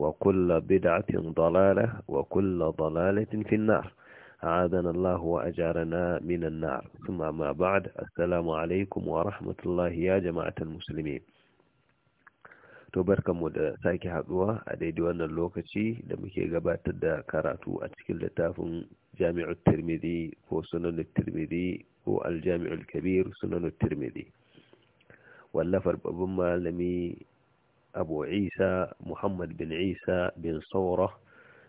وكل بدعة ضلالة وكل ضلالة في النار أعاذنا الله وأجارنا من النار ثم ما بعد السلام عليكم ورحمة الله يا جماعة المسلمين to barkanmu da sake haduwa a daidai wannan lokaci da muke gabatar da karatu a cikin littafin jami'ar tirmidhi ko sunanin tirmidhi ko aljami'ul kabir sunanin tirmidhi wallafar babban malami أبو عيسى محمد بن عيسى بن صورة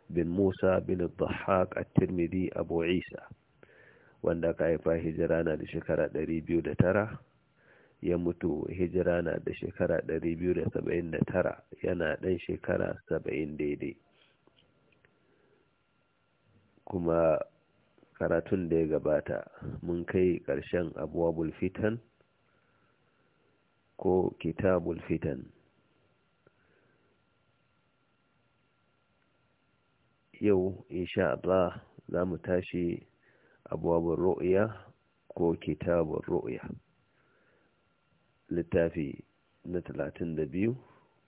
بن موسى بن الضحاك الترمذي أبو عيسى wanda ka haifa hijira na da shekara 209 ya mutu hijira na da shekara 279 yana ɗan shekara 70 daidai kuma karatun da ya gabata mun kai ƙarshen abuwa fitan ko kitabul fitan yau insha Allah za mu tashi abubuwan ru'uya ko kitabun ru'ya littafi na talatin da biyu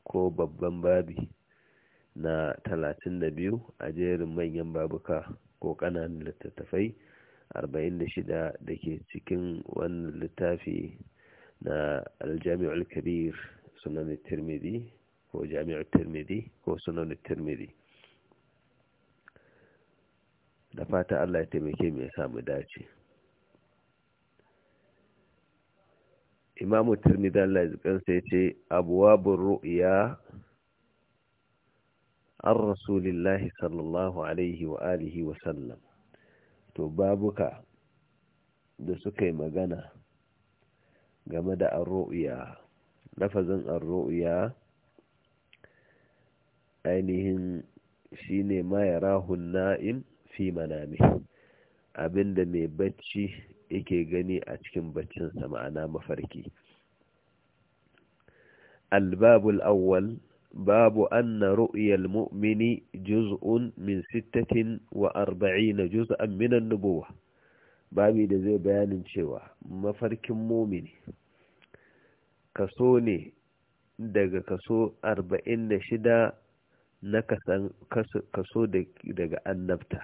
ko babban babi na talatin da biyu a jerin manyan babuka ko ƙananan littattafai arba'in da shida da ke cikin wannan littafi na aljami'ul kabir sunan tirmidhi ko jami'ul tirmidhi ko sunan tirmidhi da fata Allah ya taimake mu ya samu dace imamu tirmidhi Allah ya yace abwabur ru'ya an rasulillahi sallallahu alaihi wa alihi wa sallam to babuka da suka yi magana game da arru'ya lafazin ruya ainihin shine ma na'im fi manami abinda mai bacci yake gani a cikin baccinsa ma'ana mafarki albabul awwal babu anna ru'yal mu'mini juz'un min sittatin wa arba'ina juz'an min an-nubuwah da zai bayanin cewa mafarkin mumini kaso ne daga kaso 46 na kaso daga annabta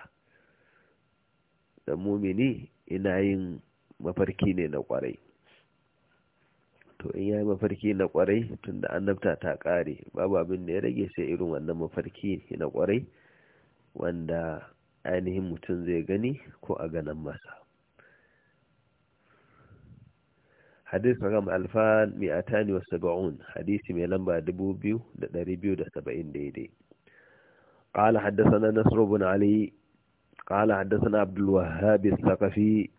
da mumini ina yin mafarki ne na kwarai to in yayi mafarki na kwarai tunda annabta ta kare babu abin da ya rage sai irin wannan mafarki na kwarai wanda ainihin mutum zai gani ko a ganin masa hadith rakam alfan mi'atani wa sab'un hadisi mai lamba 2270 daidai قال حدثنا نصر بن علي قال حدثنا عبد الوهاب الثقفي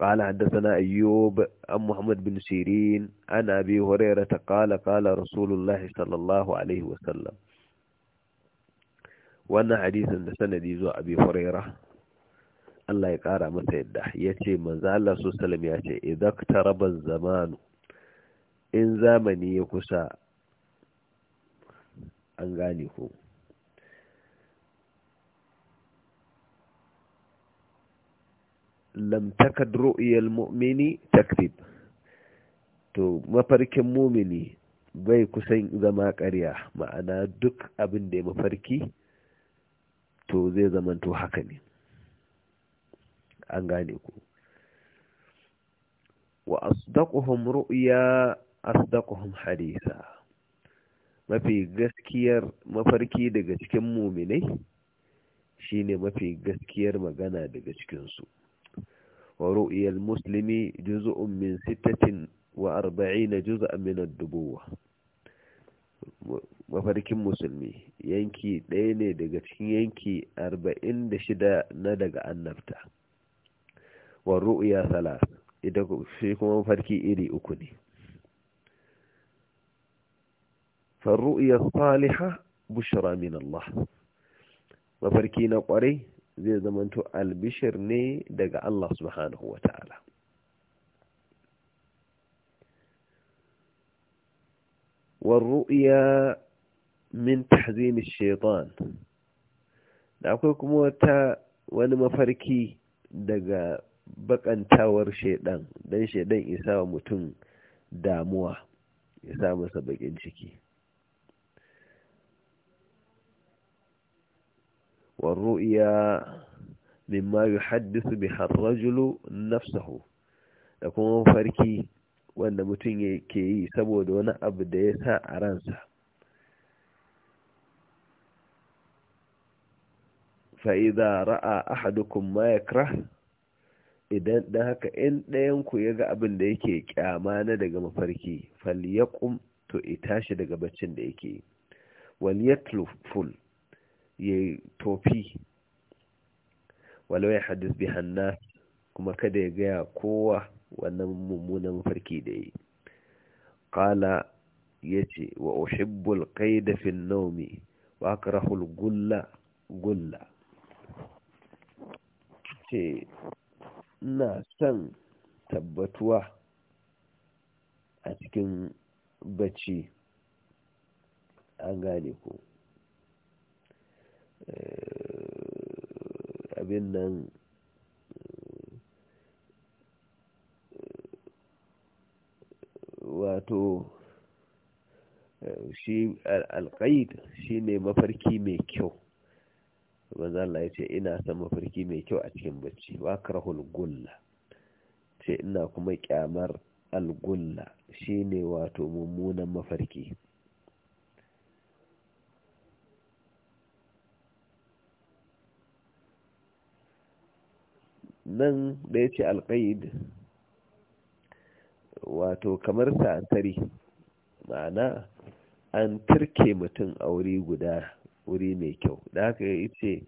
قال حدثنا أيوب عن محمد بن سيرين عن أبي هريرة قال قال رسول الله صلى الله عليه وسلم wannan hadisin da sanadi zuwa abi huraira Allah ya kara masa yadda ya ce manzo Allah su salam ya ce idan taraba zamanu in zamani ya kusa an gane ku lam takad ru'yal mu'mini takdib to mafarkin mumini bai kusan zama ƙarya ma'ana duk abin da ya mafarki to zai zamanto haka ne an gane ku wa asdaquhum ru'ya asdaquhum hadisa mafi gaskiyar mafarki daga cikin muminai shine mafi gaskiyar magana daga cikinsu ورؤيا المسلم جزء من ستة وأربعين جزءا من الدبوة mafarkin musulmi yanki ɗaya ne daga cikin yanki arba'in da shida na daga annabta wa ru'ya salas ita shi kuma mafarki iri uku ne fa ru'ya salihah bushra min mafarki na kwarai zai zamanto albishir ne daga Allah subhanahu wa ta'ala warru'iya min tahzim shaitan da akwai kuma wata wani mafarki daga bakantawar shaidan dan shaidan isa wa mutum damuwa ya sa masa bakin ciki والرؤيا مما يحدث بها الرجل نفسه da kuma mafarki wanda mutum ke yi saboda wani abu da ya sa a ransa fa'iza ra'a ahadukum ma ya idan dan haka in ɗayanku ya ga abin da yake kyama na daga mafarki fal ya to itashi daga baccin da yake wal ya ful ya tofi walau ya hadis bi hanna kuma kada ya gaya kowa wannan mummunan farki da yi ya ce wa uhibbul kai da an ba wa akrahul gulla gulla ce ina son tabbatuwa a cikin bacci an gane ku. Eh, abin nan eh, wato eh, shi alƙaid shi ne mafarki mai kyau maza ya ce ina son mafarki mai kyau a cikin bacci wa karhul gulla ce ina kuma kyamar algulla shi ne wato mummunan mafarki nan da ya ce alƙaid wato kamar santari ma'ana an turke mutum a wuri guda wuri mai kyau da haka ya ce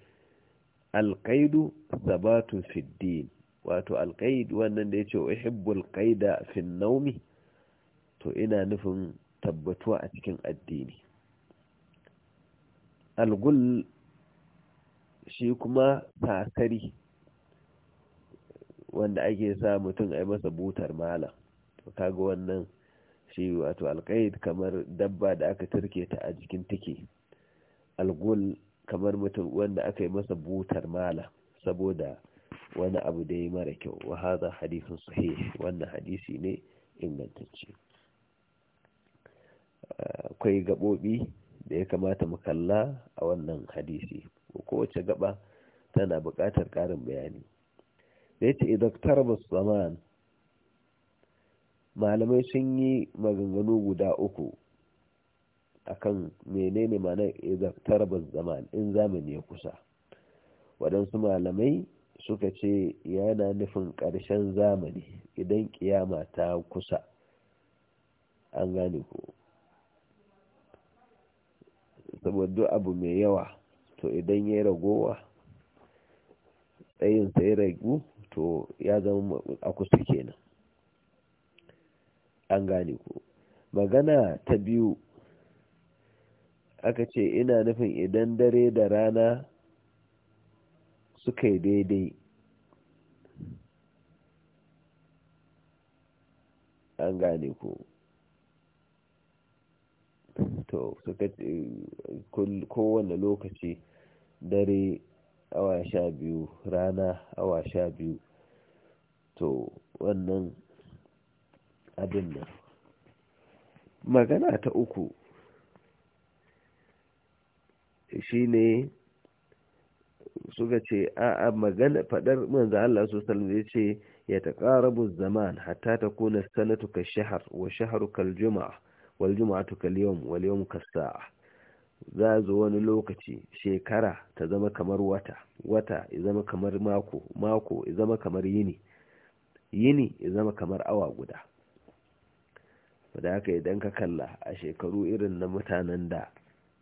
alƙaidu sabatu fiddin wato alƙaid wannan da ya ce uhibbul ƙaida fin naumi to ina nufin tabbatuwa a cikin addini algul shi kuma tasari wanda ake sa mutum a yi masa butar malam to kaga wannan shi wato alƙaid kamar dabba da aka turke ta a jikin take algul kamar mutum wanda aka yi masa butar mala saboda wani abu da ya mara kyau wa haza hadisin sahih wannan hadisi ne ingantacce akwai gabobi da ya kamata mu kalla a wannan hadisi ko kowace gaba tana bukatar ƙarin bayani da yace idaktar zaman malamai sun yi maganganu guda uku akan menene mana idaktar zaman in zamani ya kusa wadansu malamai suka ce yana nufin ƙarshen zamani idan kiyama ta kusa an gane ko saboda abu mai yawa to idan ya ragowa tsayinsa ya ragu to ya zama a kusa kenan an gane ku magana ta biyu aka ce ina nufin idan dare da rana suka yi daidai an gane ku to kowane lokaci dare awa sha biyu rana awa sha biyu to wannan abin nan magana ta uku shi ne suka ce a magana fadar manzan Allah su sallam ya ce ya taqarabu zaman hatta kuna sanatu ka shahar wa shaharu kaljuma waljuma wal juma'atu za zo wani lokaci shekara ta zama kamar wata wata ya zama kamar mako mako ya zama kamar yini yini ya zama kamar awa guda da haka idan ka kalla a shekaru irin na mutanen da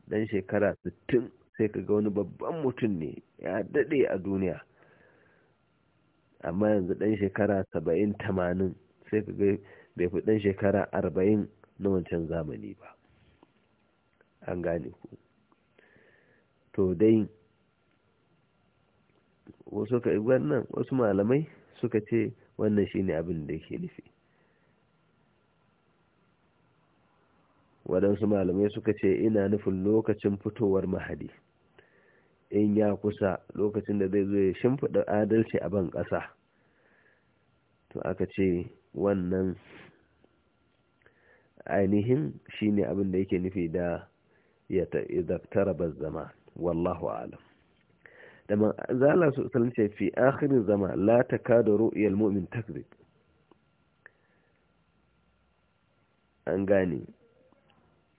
dan shekara 60 sai ka ga wani babban mutum ne ya daɗe a duniya amma yanzu dan shekara saba'in 80 sai ka ga bai fi dan shekara arba'in na wancan zamani ba an gane ku to dai wasu ka wannan wasu malamai suka ce wannan shine abin da yake nufi waɗansu malamai suka ce ina nufin lokacin fitowar mahadi in ya kusa lokacin da zai zo ya shimfiɗa adalci a ban ƙasa to aka ce wannan ainihin shine abin da yake nufi da idza taraba zaman wallahu a'lam da manzala su sallallahu ce fi akhirin zama la takadu ru'yal mu'min takzib an gane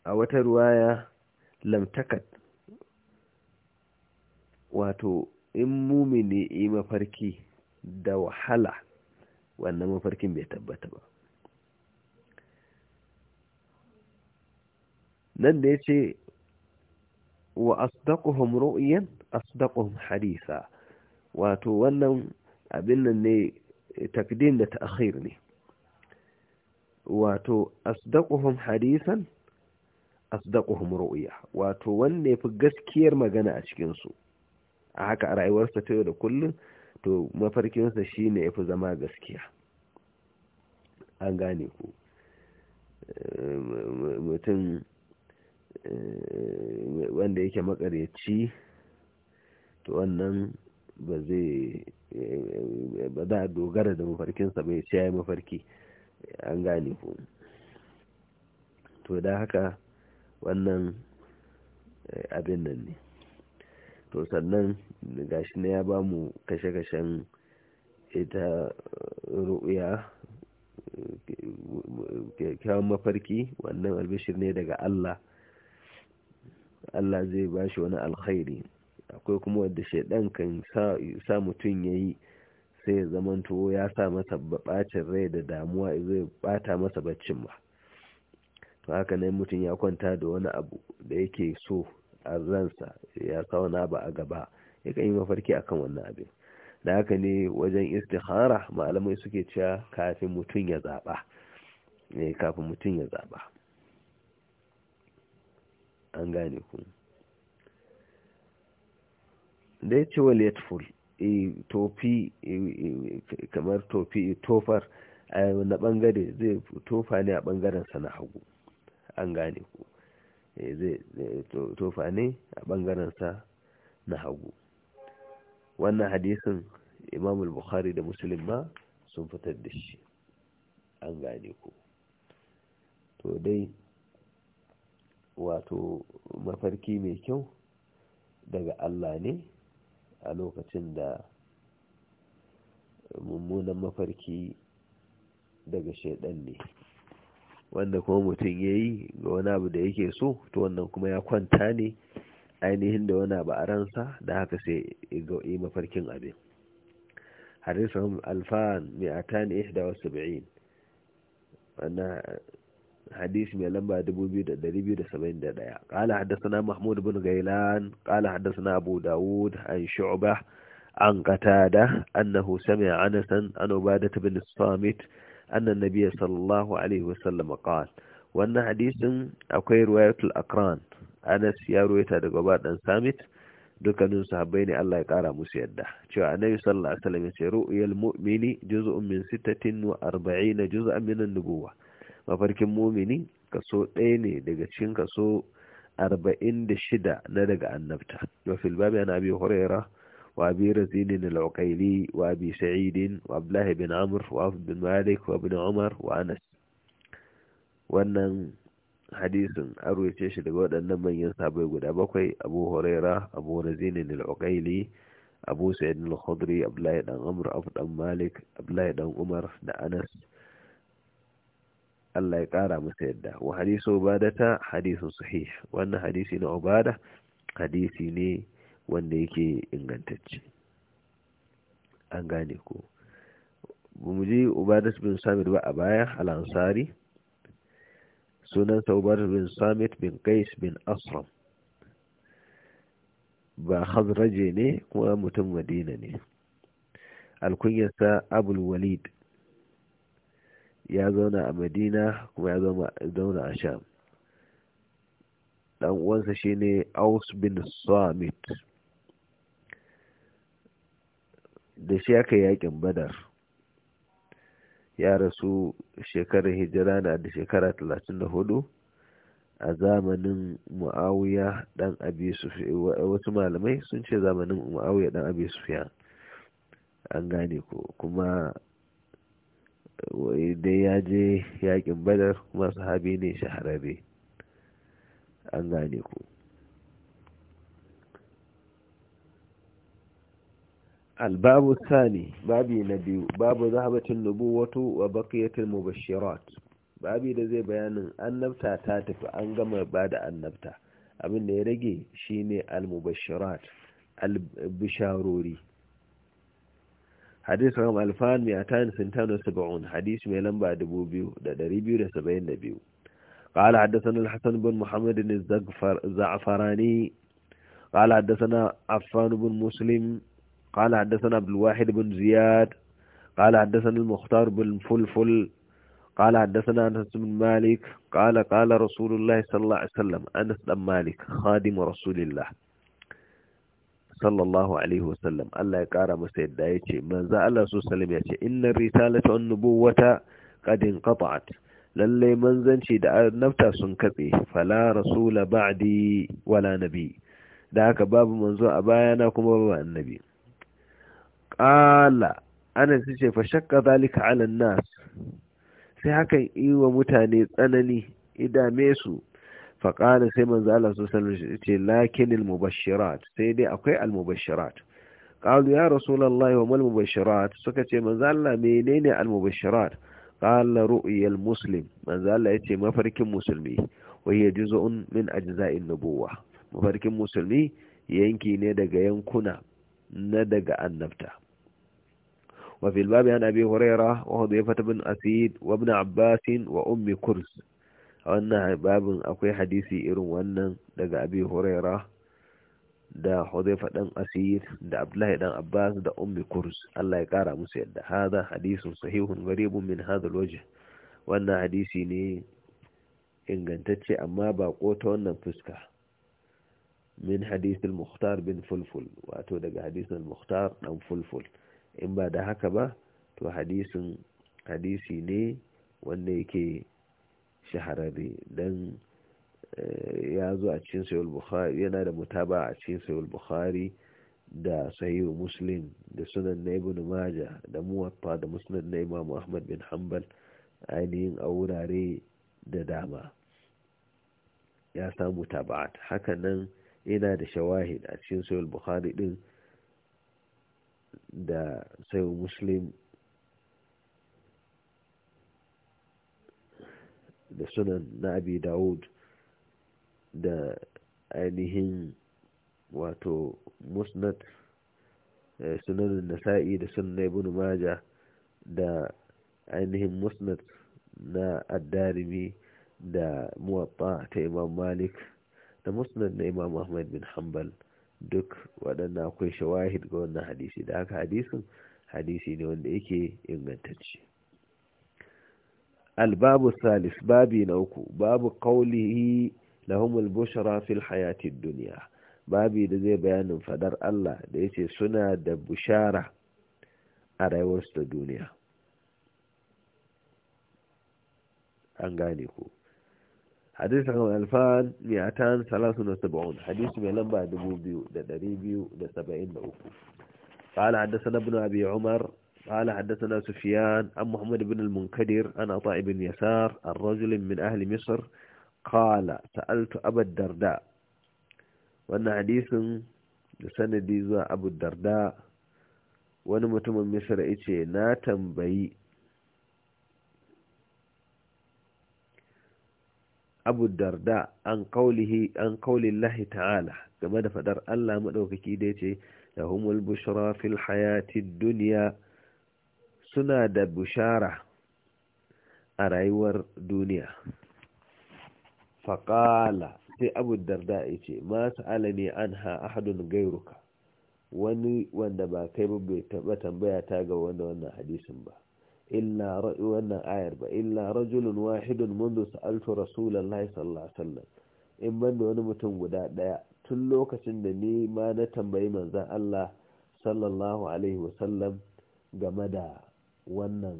a wata ruwa ya lamtakat wato in mumini yi mafarki da wahala wannan mafarkin bai tabbata ba nan da ya ce wa asdaquhum ru'yan asdaquhum haditha wato wannan abin nan ne takdim da ta'khir ne wato asdaquhum hadithan asdaquhum ru'ya wato wanne fi gaskiyar magana a cikin su a haka a rayuwarsa ta da kullun to mafarkinsa shine yafi zama gaskiya an gane ku eh, mutum eh, wanda yake makaryaci to wannan ba zai ba za a dogara da mafarkinsa bai ce ya mafarki an gane ku to da haka wannan abin nan ne to sannan gashi na ya ba mu kashe-kashen ita ru'uya kyawun mafarki wannan albishir ne daga Allah Allah zai ba shi wani alkhairi akwai kuma wanda shaidan kan sa mutum ya yi sai ya zamanto ya sa masa bacin rai da damuwa zai bata masa baccin ba to haka nan mutum ya kwanta da wani abu da yake so a ransa ya sa ba a gaba ya kan yi mafarki akan wannan abin da haka ne wajen istihara malamai suke cewa kafin mutum ya zaba eh, kafin mutum ya zaba an gane ku da ya ce wal yatful e, tofi e, e, kamar tofi tofar na bangare zai tofa ne a bangaren na hagu an gane ku zai tofa ne a bangaren sa na hagu wannan hadisin imam bukhari da muslim ma sun fitar da shi an gane ku to dai wato mafarki mai kyau daga Allah ne a lokacin da mummunan mafarki daga shaidan ne wanda kuma mutum ya yi ga wani abu da yake so to wannan kuma ya kwanta ne ainihin da wani abu a ransa da haka sai yi mafarkin abin harisun alfahan mai a ta ne wannan hadisi mai lamba 2271 qala haddathana mahmud bin gailan qala haddathana abu daud an shu'bah an qatada annahu sami'a anasan an ubadah bin samit anna an-nabiy sallallahu alaihi wasallam qala wannan hadisin akwai riwayatul akran anas ya ruwaita daga badan samit dukkanin sahabbai ne Allah ya kara musu yadda cewa annabi sallallahu alaihi wasallam ya ce ru'yal mu'mini juz'un min 46 juz'an min mafarkin mumini kaso ɗaya ne daga cikin kaso arba'in da shida na daga annabta wafil babi ana abi hurera wa abi razin al wa abi sa'id wa abdullahi bin amr wa bin malik wa bin umar wa anas wannan hadisin an roce shi daga waɗannan manyan sabai guda bakwai abu huraira abu razin al-uqayli abu sa'id al-khudri abdullah dan amr abu dan malik abdullahi dan umar da anas Allah ya ƙara masa yadda wa hadisu ubadata hadisin sahih wannan hadisi na ubada hadisi ne wanda yake ingantacce an gane ko mu ji ubadat bin samit ba a baya al-ansari sunansa ubadat bin samit bin qais bin asram ba khazraje ne kuma mutum madina ne kunyarsa abul walid ya zauna a madina kuma ya zauna a sham dan uwansa shine aus bin samit da shi aka yakin badar ya rasu shekarar hijira na da shekara 34 a zamanin mu'awiya dan abi wasu malamai sun ce zamanin mu'awiya dan abi an gane ko kuma dai ya je yakin badar kuma sahabi ne shahararre an gane ku albabu sani na biyu babu نبي nubu wato wa وبقية mubashirat babi da zai bayanin annabta ta tafi an gama ba da annabta abin da ya rage shine al-mubashirat al-bisharori حديث رقم ألفان mi'atan سنتان da saba'un hadis mai lamba dubu biyu da ɗari biyu da قال حدثنا الحسن بن محمد الزعفراني قال حدثنا عفان بن مسلم قال حدثنا عبد الواحد بن زياد قال حدثنا المختار بن فلفل قال حدثنا أنس بن مالك قال قال رسول الله صلى الله عليه وسلم أنس بن مالك خادم رسول الله sallallahu alaihi wasallam Allah ya kara masa yadda ya ce manzo Allah su sallam ya ce inna risalata wan nubuwata qad inqata'at lalle manzanci da annabta sun katse fala rasula ba'di wala nabi da haka babu manzo a baya na kuma babu annabi qala su ce fa shakka zalika ala nas sai hakan yi wa mutane tsanani idame su faƙali sai manzo Allah su sallu ce lakinil mubashirat sai dai akwai almubashirat ƙalu ya rasulullahi wa mal mubashirat suka ce manzo Allah menene almubashirat ƙala ru'yal muslim manzo Allah ya ce mafarkin musulmi wa hiya juz'un min ajza'in nubuwa mafarkin musulmi yanki ne daga yankuna na daga annabta وفي الباب عن أبي هريرة وهو ضيفة بن أسيد وابن عباس وأم كرز a wannan babin akwai hadisi irin wannan daga abi huraira da huzaifa dan asir da abdullahi dan abbas da ummi kurs Allah ya kara musu yadda hada hadisun sahihun gharibun min hadha alwajh wannan hadisi ne ingantacce amma ba ta wannan fuska min hadisul muhtar bin fulful wato daga hadisul muhtar dan fulful in ba da haka ba to hadisin hadisi ne wanda yake shahararre don eh, ya zo a cikin sayul bukhari yana da mutaba a cikin sayul bukhari da sahihu muslim da sunan na ibn maja da muwatta da musnad na imam ahmad bin hanbal ainihin a wurare da dama ya samu haka hakanan yana da shawahid a cikin sayul bukhari din da sayul muslim da sunan na abi dawud da ainihin wato musnad eh, sunan nasa'i da sunan ibn maja da ainihin musnad na addarimi da muwatta ta imam malik da musnad na imam ahmad bin hanbal duk waɗanda akwai shawahid ga wannan hadisi da haka hadisin hadisi ne wanda yake ingantacce albabu salis babi na uku babu qaulihi lahumul bushra fil hayatid dunya babi da zai bayanin faɗar Allah da yace suna da bushara a rayuwarsu ta duniya an ku hadisi kan alfan miyatan salatu na saba'un hadisi mai lamba dubu biyu da ɗari biyu da saba'in da uku قال حدثنا ابن أبي قال حدثنا سفيان عن محمد بن المنكدر عن عطاء بن يسار min ahli من أهل مصر قال سألت أبا الدرداء وأن حديث لسندي زوا أبو الدرداء wani mutumin misira ice na tambayi abu darda an kaulin lahi ta'ala game da faɗar allah maɗaukaki da ya ce da humul bushra fil hayati duniya suna da bushara a rayuwar duniya faƙala sai abu darda ya ce masu alani an ha ahadun gairuka wani wanda ba kai ba bai taɓa tambaya ta ga wanda wannan hadisin ba illa wannan ayar ba illa rajulun wahidun mundu sa'altu rasulullahi sallallahu alaihi wasallam in da wani mutum guda ɗaya tun lokacin da ni ma na tambayi manzan Allah sallallahu alaihi wasallam game da wannan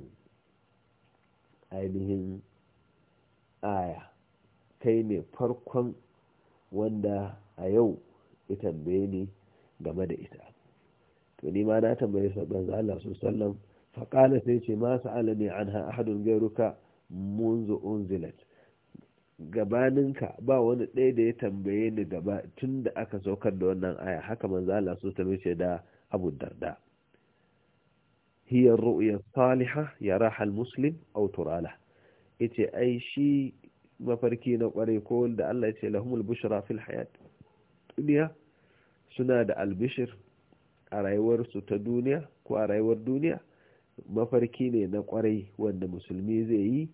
ainihin aya kai ne farkon wanda a yau ya tambaye ni game da ita to ni ma na tambaye sabon Allah su sallam faƙala sai ce ma sa'ala ne an ha ahadun gairuka munzu unzilat gabaninka ba wani ɗaya da ya tambaye ni gaba tun da aka saukar da wannan aya haka manzo Allah su tambaye da Abu Darda hiya ru'ya salihah yaraha almuslim aw turalah yace ai shi mafarki na kwarai ko da Allah yace lahumul bushra fil hayat duniya suna da albishir a ta duniya ko a duniya mafarki ne na kwarai wanda musulmi zai yi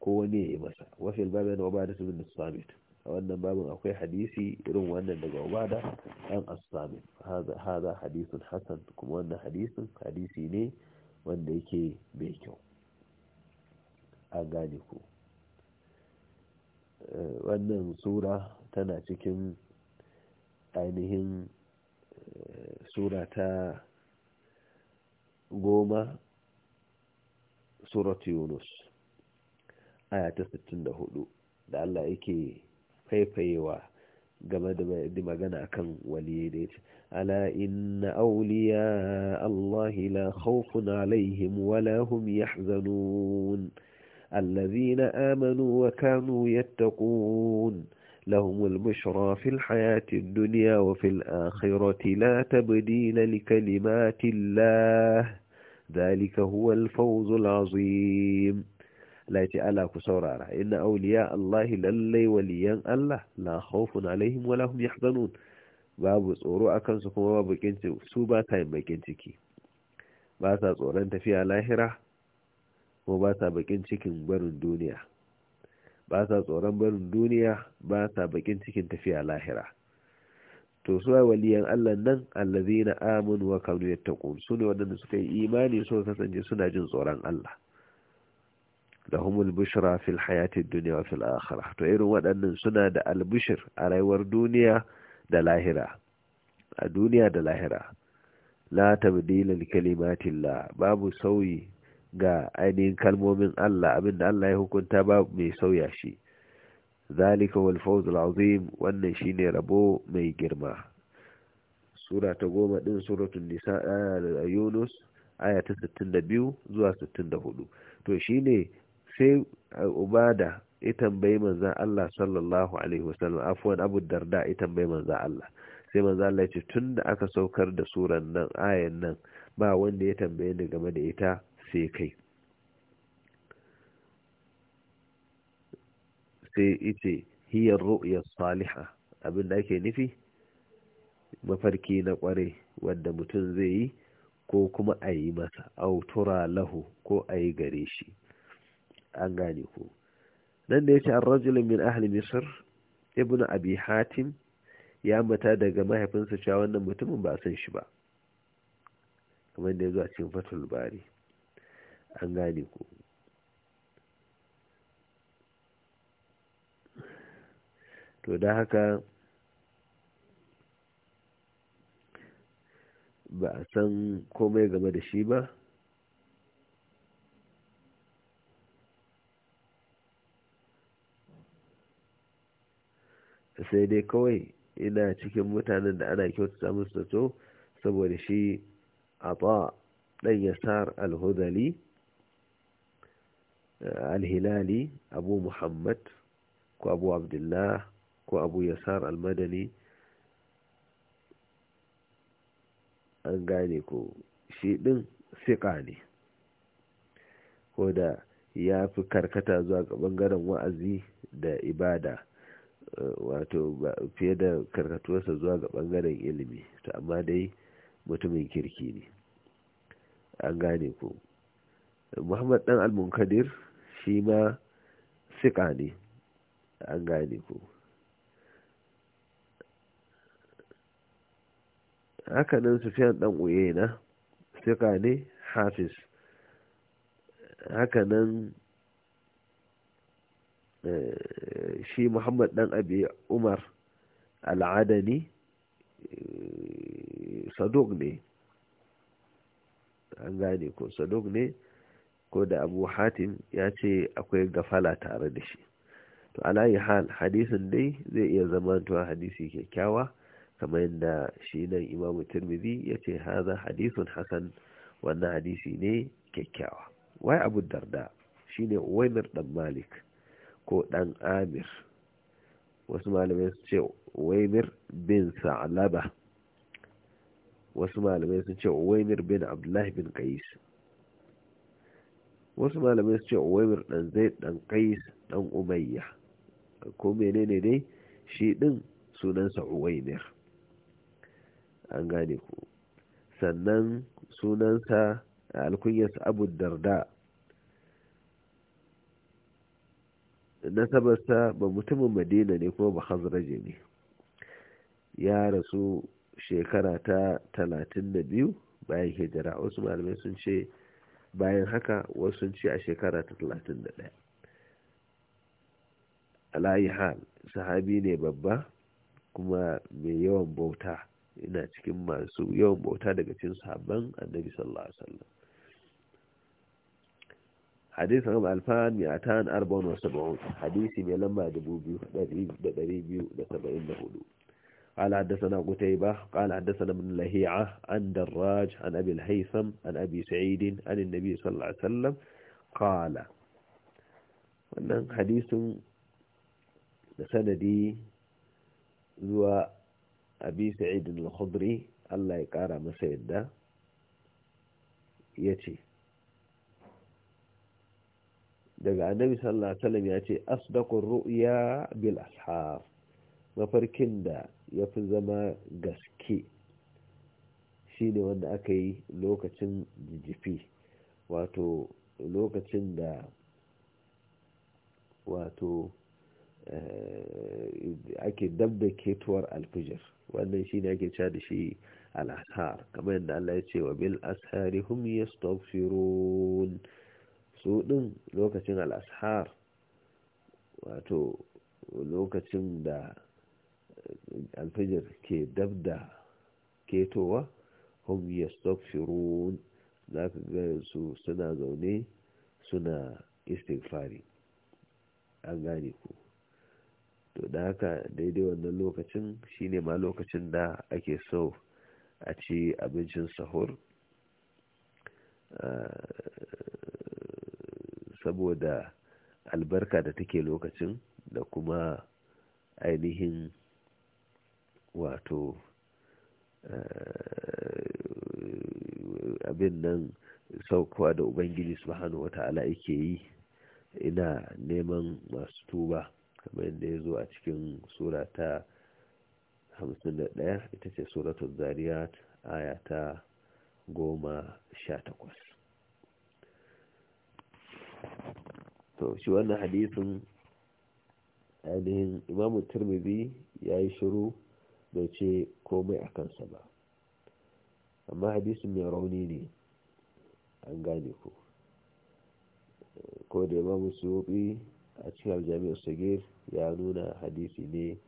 ko ya yi masa wafil babin ubada bin samit a wannan babin akwai hadisi irin wannan daga ubada an as-samit hada hadisun hasan kuma wannan hadisin hadisi ne wanda yake bai kyau a gane ku eh, wannan sura tana cikin ainihin eh, sura ta goma surat yunus aya ta 64 da allah yake faifayewa game da magana akan waliye da yace ala inna awliya Allah la khawfun alaihim wala hum yahzanun allazina amanu wa kanu yattaqun لهم البشرى في الحياة الدنيا وفي الآخرة لا تبديل لكلمات الله ذلك هو الفوز العظيم Allah ala ku saurara inna auliya Allah lallai waliyan Allah la khawfun alaihim wala hum yahzanun babu tsoro akan su kuma babu kinci su ba ta yin bakin ciki ba sa tsoron tafiya lahira ko ba sa bakin cikin barin duniya ba sa tsoron barin duniya ba sa bakin cikin tafiya lahira to su waliyan Allah nan allazina amanu wa kanu yattaqun ne wadanda suka yi imani su kasance suna jin tsoron Allah humul bushra fil hayatid duniya wa fil akhirah to irin waɗannan suna da albushir a rayuwar duniya da lahira a duniya da lahira la tabdila li kalimatillah babu sauyi ga ainihin kalmomin Allah abinda Allah ya hukunta ba mai sauya shi zalika wal fawz al azim wannan shine rabo mai girma sura ta goma din suratul nisa yunus aya ta 62 zuwa 64 to shine sai eh, ubada ya tambayi manzan Allah sallallahu alaihi wasallam afwan abu darda ita tambayi manzan Allah sai manzan Allah ya ce tun da aka saukar da suran nan ayan nan ba wanda ya tambaye ni game da ita sai kai sai ita hiyar ru'ya salihah abin da ake nufi mafarki na kware wanda mutum zai yi ko kuma a yi masa autura lahu ko a yi gare shi an gane ku nan da ya ce an rajulun min ahli misir ibn abi hatim ya mata daga mahaifinsa cewa wannan mutumin ba san shi ba kamar da ya zo a cikin fatul bari an gane ku to da haka ba a san komai game da shi ba sai dai kawai ina cikin mutanen da ana kyautata musu zato saboda shi ba ɗan yasar alhudali alhilali abu muhammad ko abu abdullah ko abu yasar almadani an gane ko shi din siƙa ne ko da ya fi karkata zuwa ga ɓangaren wa'azi da ibada wato fiye da karkatuwarsa zuwa ga bangaren ilimi to amma dai mutumin kirki ne an gane ku muhammad dan al-munkadir shi ma sika ne an gane ku hakanan sufiyan dan uyena sika ne hafiz hakanan eh, shi muhammad dan abi umar al'adani eh, Saduk ne an gane ko Saduk ne ko da abu hatim ya ce akwai gafala tare da shi to alayi hal hadisin dai zai iya zama tuwa hadisi kyakkyawa kamar yadda shi nan imamu turmizi ya ce haza hadisun Hassan wannan hadisi ne kyakkyawa wai abu darda shine uwaimir dan malik ko ɗan amir wasu malamai su ce waimir bin sa'alaba wasu malamai su ce waimir bin abdullahi bin qais wasu malamai su ce waimir ɗan zai ɗan qais ɗan umayya ko menene dai shi ɗin sunansa waimir an gane ku sannan sunansa a alkunyarsa abu darda nasabarsa ba mutumin madina ne kuma ba hazraje ne ya rasu shekara ta talatin da bayan hijira wasu malamai sun ce bayan haka wasu sun ce a shekara ta talatin alayi hal sahabi ne babba kuma mai yawan bauta ina cikin masu yawan bauta daga cin sahabban annabi sallallahu alaihi wasallam hadisi rama alfan mai atan arba'un wasu ba'un hadisi mai lamba dubu biyu da ɗari biyu da saba'in da hudu قال حدثنا قتيبة قال حدثنا ابن لهيعة عن دراج عن أبي الهيثم عن أبي سعيد عن النبي صلى الله عليه وسلم قال wannan hadisin da sanadi zuwa abi sa'id al Allah ya kara masa yadda ya ce. daga annabi sallallahu alaihi wasallam ya asdaqur ru'ya bil ashab mafarkin da ya fi zama gaske shine wanda aka yi lokacin jijifi wato lokacin da wato eh, ake dabda ketuwar alfijir wannan shine ake cewa da shi al kamar yadda Allah ya ce wa bil ashari hum yastaghfirun su ɗin lokacin al'ashar wato lokacin da alfijir ke dab da ketowa hum shiru za ka ga su suna zaune suna istighfari an gane ku to da haka daidai wannan lokacin shine ma lokacin da ake so a ci abincin sahur ah, saboda albarka da take lokacin da kuma ainihin wato eh, abin nan saukowa da ubangiji wata ala yake yi ina neman masu tuba kamar yadda ya zo a cikin sura ta 51 ita ce suratul zariyat aya ta 18 to shi wannan hadisin ainihin imamu turmizi ya yi shiru da ce komai a kansa ba amma hadisin mai rauni ne an gane ku ko da imamu suwobi a cikin aljami'ar sagir ya nuna hadisi ne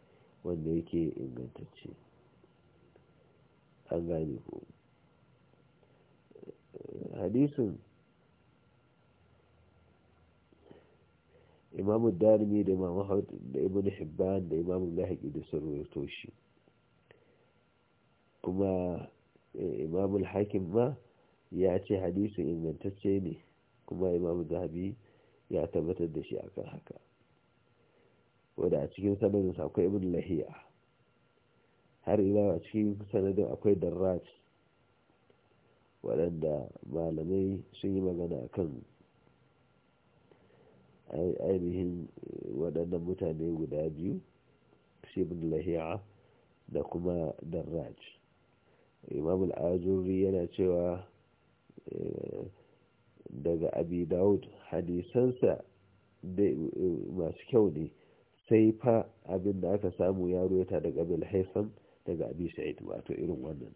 wanda yake ingantacce an gane ku hadisin imamu darimi da imamu haud da ibn hibban da imamu lahiqi da sun shi kuma eh, imamu hakim ma ya ce hadisu ingantacce ne kuma imamu zahabi ya tabbatar da shi akan haka wadda a cikin sanadinsa akwai ibn lahiya har ila a cikin sanadin akwai darraj waɗanda malamai sun yi magana akan ainihin eh, waɗannan mutane guda biyu shibin lahiya da kuma darraj imam al'ajuri yana cewa eh, daga abi daud hadisansa eh, masu kyau ne sai fa abin da aka samu ya ruweta daga abin haifan daga abi sa'id wato irin wannan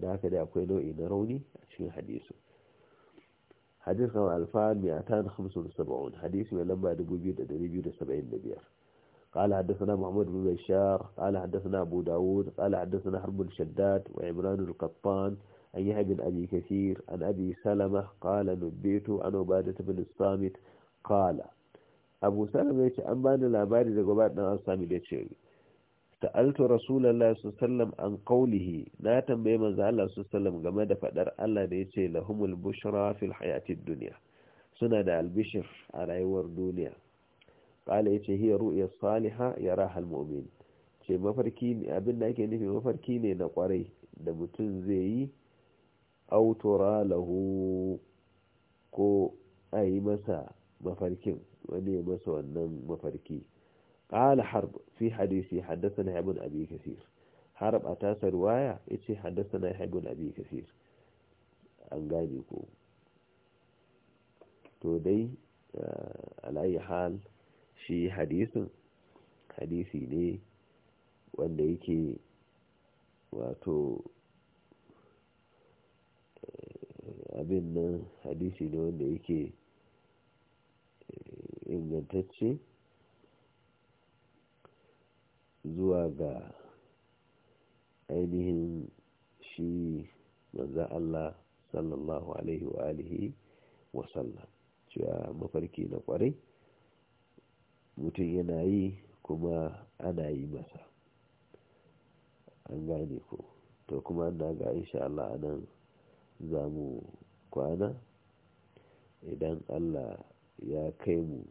da haka da akwai nau'i na rauni a cikin hadisu hadis na alfa miyata da hamsin saba'un hadis mai lamba dubu biyu da dari biyu da saba'in da biyar قال حدثنا محمد بن بشار قال حدثنا أبو داود قال حدثنا حرب الشداد وعمران القطان أن يحيى بن أبي كثير عن أبي سلمة قال نبيت عن عبادة بن الصامت قال أبو سلمة أنبان الأباري لقبات نعم الصامت يتشيري sa'altu rasulullahi sallallahu an qawlihi na tambaye manzo Allah sallallahu game da fadar Allah da yace lahumul bushra fil hayatid dunya suna da albishir a rayuwar duniya qala yace hiya ru'ya ya yaraha almu'min ce mafarki ne abin da ake nufi mafarki ne na kwarai da mutum zai yi autura lahu ko a yi masa mafarkin wani ya masa wannan mafarki قال حرب في حديثي حدثنا يحيى بن أبي كثير حرب أتاس رواية إتي حدثنا يحيى بن أبي كثير أنقانيكو to dai alayi hal shi hadisin hadisi ne wanda yake wato abin nan hadisi ne wanda yake ingantacce zuwa ga ainihin shi manzan Allah sallallahu alaihi wa alihi wasallam cewa mafarki na kwarai mutum yana yi kuma ana yi masa an gane ko to kuma na ga insha Allah nan za mu kwana idan Allah ya kai mu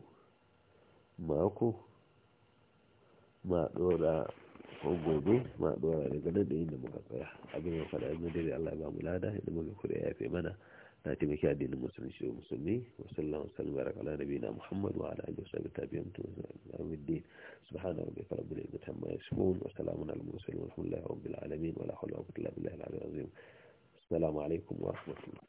mako ma dora ko gobe ma dora daga nan da inda muka tsaya abin da faɗa mu dai Allah ya ba mu lada idan muka kure ya fi mana na taimaki addinin musulunci da musulmi wa sallallahu alaihi wa baraka ala nabiyina muhammad wa ala alihi wa sahbihi tabi'in tu amin subhana rabbika rabbil izzati amma yasifun wa salamun al mursalin walhamdulillahi rabbil alamin wa la hawla wa quwwata illa billahi al assalamu alaikum wa rahmatullah